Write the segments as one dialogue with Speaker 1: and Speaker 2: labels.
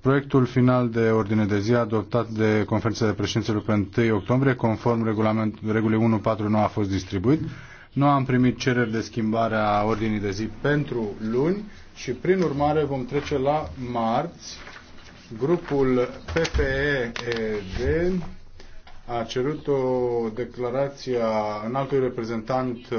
Speaker 1: Proiectul final de ordine de zi adoptat de conferința de președinților pe 1 octombrie, conform regulii 149, a fost distribuit. Nu am primit cereri de schimbare a ordinii de zi pentru luni și, prin urmare, vom trece la marți. Grupul PPE-ED a cerut o declarație a înaltului reprezentant uh,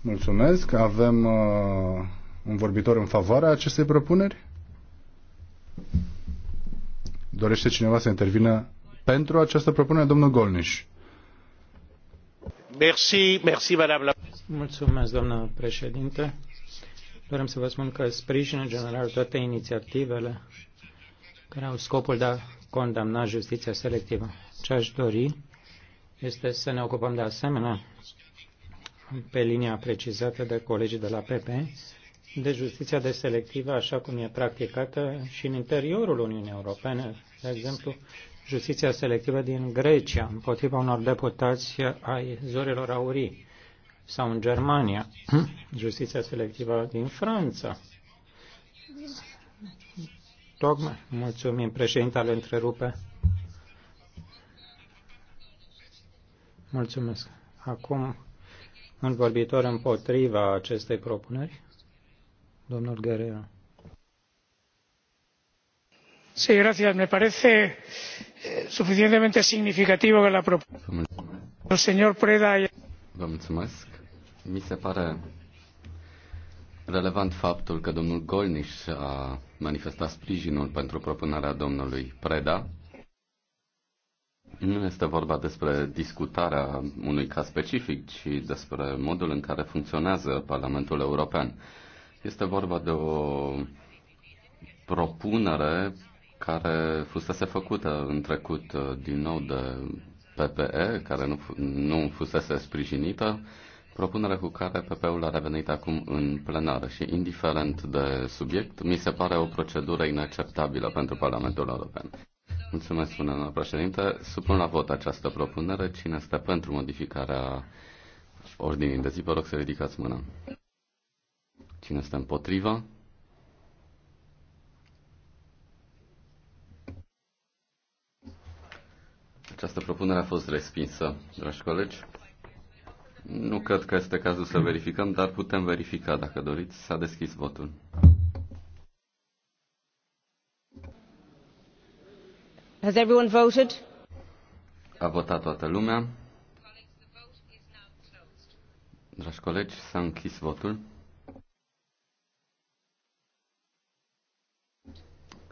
Speaker 1: Mulțumesc. Avem uh, un vorbitor în favoarea acestei propuneri? Dorește cineva să intervină pentru această propunere? Domnul Golniș.
Speaker 2: Merci, merci, la... Mulțumesc, doamnă președinte. Dorem să vă spun că sprijină general toate inițiativele care au scopul de a condamna justiția selectivă. Ce aș dori este să ne ocupăm de asemenea pe linia precizată de colegii de la PP, de justiția deselectivă așa cum e practicată și în interiorul Uniunii Europene, de exemplu, justiția selectivă din Grecia împotriva unor deputați ai zorilor aurii sau în Germania, justiția selectivă din Franța. Tocmai, mulțumim, președintele întrerupe. Mulțumesc. Acum un vorbitor împotriva acestei propuneri? Domnul Guerrero. Sí, gracias. Me parece eh, suficientemente significativo que la propuesta El señor Preda.
Speaker 3: Vă mulțumesc. Mi se pare relevant faptul că domnul Golniș a manifestat sprijinul pentru propunerea domnului Preda nu este vorba despre discutarea unui caz specific, ci despre modul în care funcționează Parlamentul European. Este vorba de o propunere care fusese făcută în trecut uh, din nou de PPE, care nu, nu fusese sprijinită, propunere cu care ppe ul a revenit acum în plenară și, indiferent de subiect, mi se pare o procedură inacceptabilă pentru Parlamentul European. Mulțumesc, spune doamna președinte. Supun la vot această propunere. Cine este pentru modificarea ordinii de zi, vă rog să ridicați mâna. Cine este împotriva? Această propunere a fost respinsă, dragi colegi. Nu cred că este cazul să verificăm, dar putem verifica dacă doriți. S-a deschis votul.
Speaker 1: Has everyone voted?
Speaker 3: A votat toată lumea. Dragi colegi, s-a închis votul.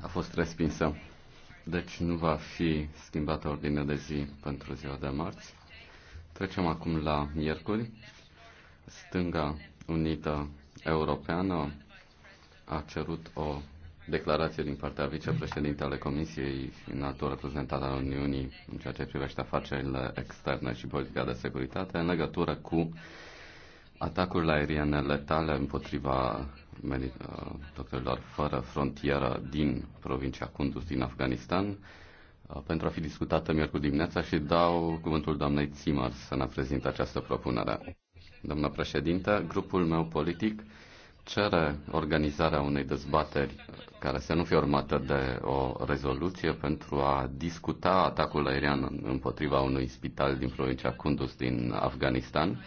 Speaker 3: A fost respinsă. Deci nu va fi schimbată ordinea de zi pentru ziua de marți. Trecem acum la miercuri. Stânga Unită Europeană a cerut o declarație din partea vicepreședintele Comisiei în altul reprezentant al Uniunii în ceea ce privește afacerile externe și politica de securitate în legătură cu atacurile aeriene letale împotriva uh, doctorilor fără frontieră din provincia Kunduz din Afganistan uh, pentru a fi discutată miercuri dimineața și dau cuvântul doamnei Țimar să ne prezinte această propunere. Doamna președintă, grupul meu politic cere organizarea unei dezbateri care să nu fie urmată de o rezoluție pentru a discuta atacul aerian împotriva unui spital din provincia Kunduz din Afganistan.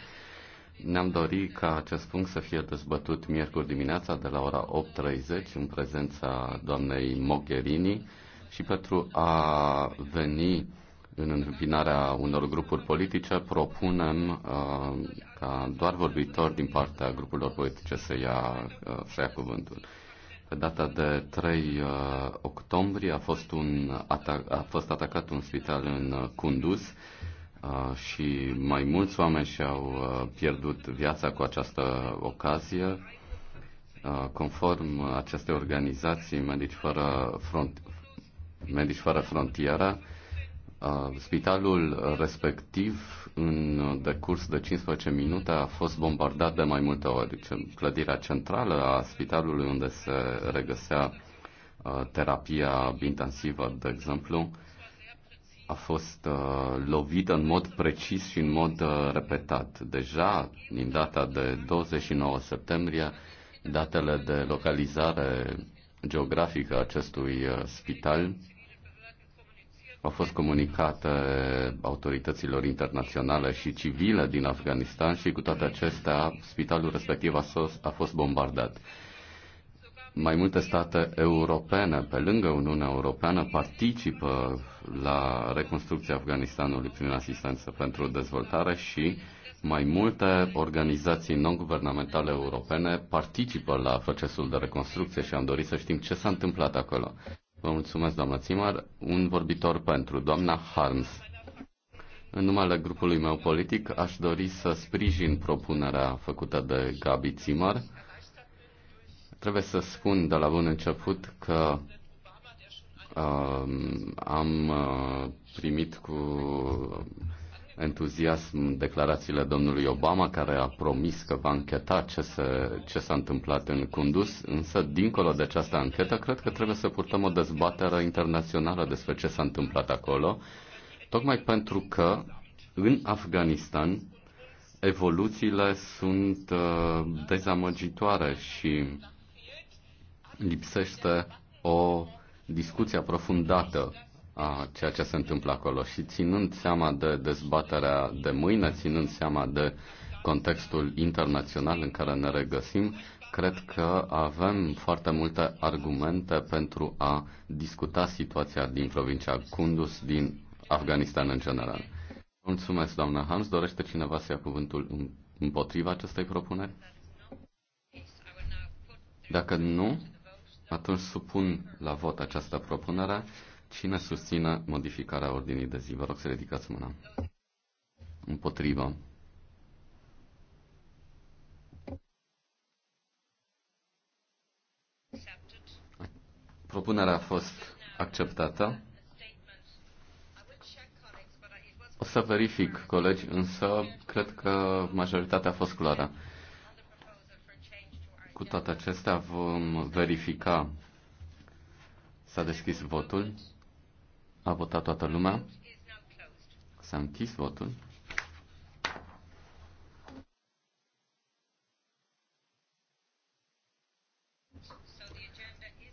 Speaker 3: Ne-am dorit ca acest punct să fie dezbătut miercuri dimineața de la ora 8.30 în prezența doamnei Mogherini și pentru a veni în înfinarea unor grupuri politice, propunem uh, ca doar vorbitori din partea grupurilor politice să ia, uh, să ia cuvântul. Pe data de 3 uh, octombrie a fost, un atac, a fost atacat un spital în uh, Kunduz uh, și mai mulți oameni și-au uh, pierdut viața cu această ocazie. Uh, conform acestei organizații Medici Fără, Front, Medici Fără Frontiera, Spitalul respectiv, în decurs de 15 minute, a fost bombardat de mai multe ori. Clădirea centrală a spitalului, unde se regăsea terapia intensivă, de exemplu, a fost lovită în mod precis și în mod repetat. Deja, din data de 29 septembrie, datele de localizare geografică a acestui spital a fost comunicată autorităților internaționale și civile din Afganistan și cu toate acestea spitalul respectiv a, sos, a fost bombardat. Mai multe state europene, pe lângă Uniunea Europeană, participă la reconstrucția Afganistanului prin asistență pentru dezvoltare și mai multe organizații non-guvernamentale europene participă la procesul de reconstrucție și am dorit să știm ce s-a întâmplat acolo. Vă mulțumesc, doamnă Țimar. Un vorbitor pentru, doamna Harms. În numele grupului meu politic aș dori să sprijin propunerea făcută de Gabi Țimar. Trebuie să spun de la bun început că uh, am uh, primit cu entuziasm declarațiile domnului Obama, care a promis că va încheta ce, se, ce s-a întâmplat în Kunduz, însă, dincolo de această anchetă, cred că trebuie să purtăm o dezbatere internațională despre ce s-a întâmplat acolo, tocmai pentru că în Afganistan evoluțiile sunt uh, dezamăgitoare și lipsește o discuție aprofundată a ceea ce se întâmplă acolo și ținând seama de dezbaterea de mâine, ținând seama de contextul internațional în care ne regăsim, cred că avem foarte multe argumente pentru a discuta situația din provincia Kunduz, din Afganistan în general. Mulțumesc, doamna Hans. Dorește cineva să ia cuvântul împotriva acestei propuneri? Dacă nu, atunci supun la vot această propunere. Cine susține modificarea ordinii de zi? Vă rog să ridicați mâna. Împotrivă. Propunerea a fost acceptată. O să verific, colegi, însă cred că majoritatea a fost clară. Cu toate acestea vom verifica. S-a deschis votul. A votat toată lumea. S-a închis votul.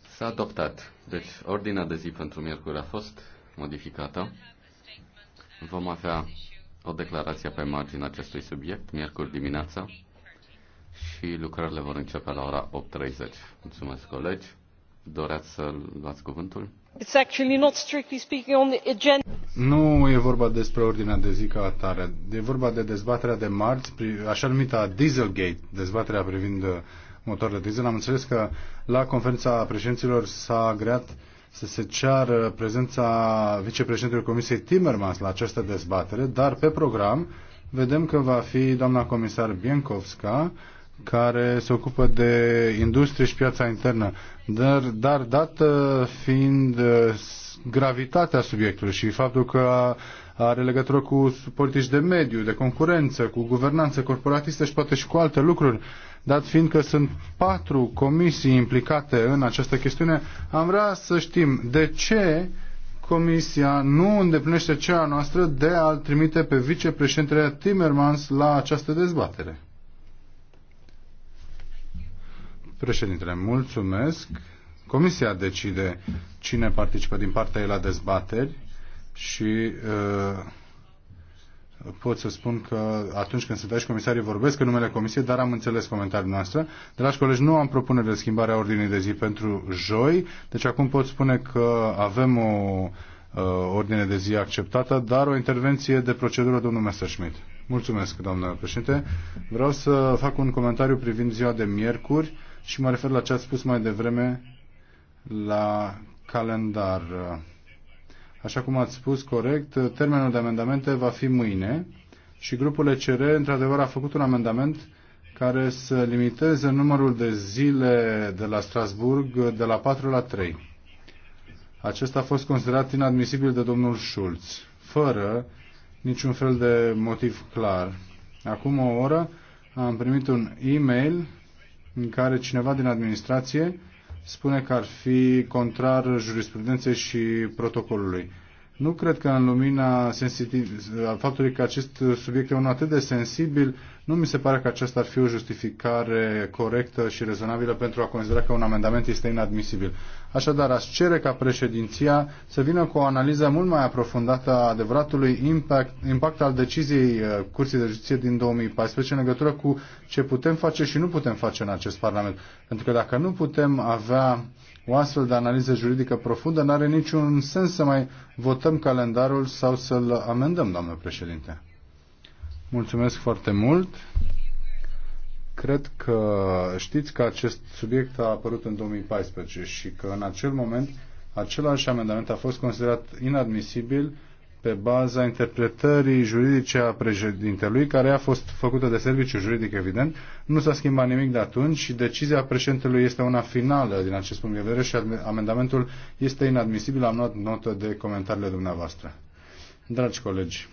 Speaker 3: S-a adoptat. Deci, ordinea de zi pentru miercuri a fost modificată. Vom avea o declarație pe marginea acestui subiect miercuri dimineața și lucrările vor începe la ora 8.30. Mulțumesc, colegi! Doreați să luați cuvântul?
Speaker 1: Nu e vorba despre ordinea de zi ca atare. E vorba de dezbaterea de marți, așa numita Dieselgate, dezbaterea privind uh, motoarele diesel. Am înțeles că la conferința președinților s-a agreat să se ceară prezența vicepreședintelui Comisiei Timmermans la această dezbatere, dar pe program vedem că va fi doamna comisar Biencovska, care se ocupă de industrie și piața internă. Dar, dar dată fiind uh, gravitatea subiectului și faptul că are legătură cu politici de mediu, de concurență, cu guvernanță corporatistă și poate și cu alte lucruri, dat fiind că sunt patru comisii implicate în această chestiune, am vrea să știm de ce Comisia nu îndeplinește cea noastră de a-l trimite pe vicepreședintele Timmermans la această dezbatere. Președintele, mulțumesc. Comisia decide cine participă din partea ei la dezbateri și uh, pot să spun că atunci când sunt aici comisarii vorbesc în numele comisiei, dar am înțeles comentariul noastră. Dragi colegi, nu am propunere de schimbare a ordinii de zi pentru joi, deci acum pot spune că avem o uh, ordine de zi acceptată, dar o intervenție de procedură, domnul Messerschmidt. Mulțumesc, doamnă președinte. Vreau să fac un comentariu privind ziua de miercuri și mă refer la ce ați spus mai devreme la calendar. Așa cum ați spus corect, termenul de amendamente va fi mâine și grupul ECR într-adevăr a făcut un amendament care să limiteze numărul de zile de la Strasburg de la 4 la 3. Acesta a fost considerat inadmisibil de domnul Schulz, fără niciun fel de motiv clar. Acum o oră am primit un e-mail în care cineva din administrație spune că ar fi contrar jurisprudenței și protocolului. Nu cred că în lumina sensitiv, faptului că acest subiect e unul atât de sensibil, nu mi se pare că aceasta ar fi o justificare corectă și rezonabilă pentru a considera că un amendament este inadmisibil. Așadar, aș cere ca președinția să vină cu o analiză mult mai aprofundată a adevăratului impact, impact al deciziei uh, Curții de Justiție din 2014 în legătură cu ce putem face și nu putem face în acest Parlament. Pentru că dacă nu putem avea o astfel de analiză juridică profundă, n-are niciun sens să mai votăm calendarul sau să-l amendăm, doamnă președinte. Mulțumesc foarte mult. Cred că știți că acest subiect a apărut în 2014 și că în acel moment același amendament a fost considerat inadmisibil pe baza interpretării juridice a președintelui, care a fost făcută de serviciu juridic, evident. Nu s-a schimbat nimic de atunci și decizia președintelui este una finală din acest punct de vedere și amendamentul este inadmisibil. Am luat notă de comentariile dumneavoastră. Dragi colegi,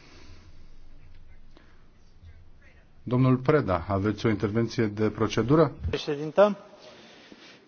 Speaker 1: domnul Preda, aveți o intervenție de procedură? Președintă,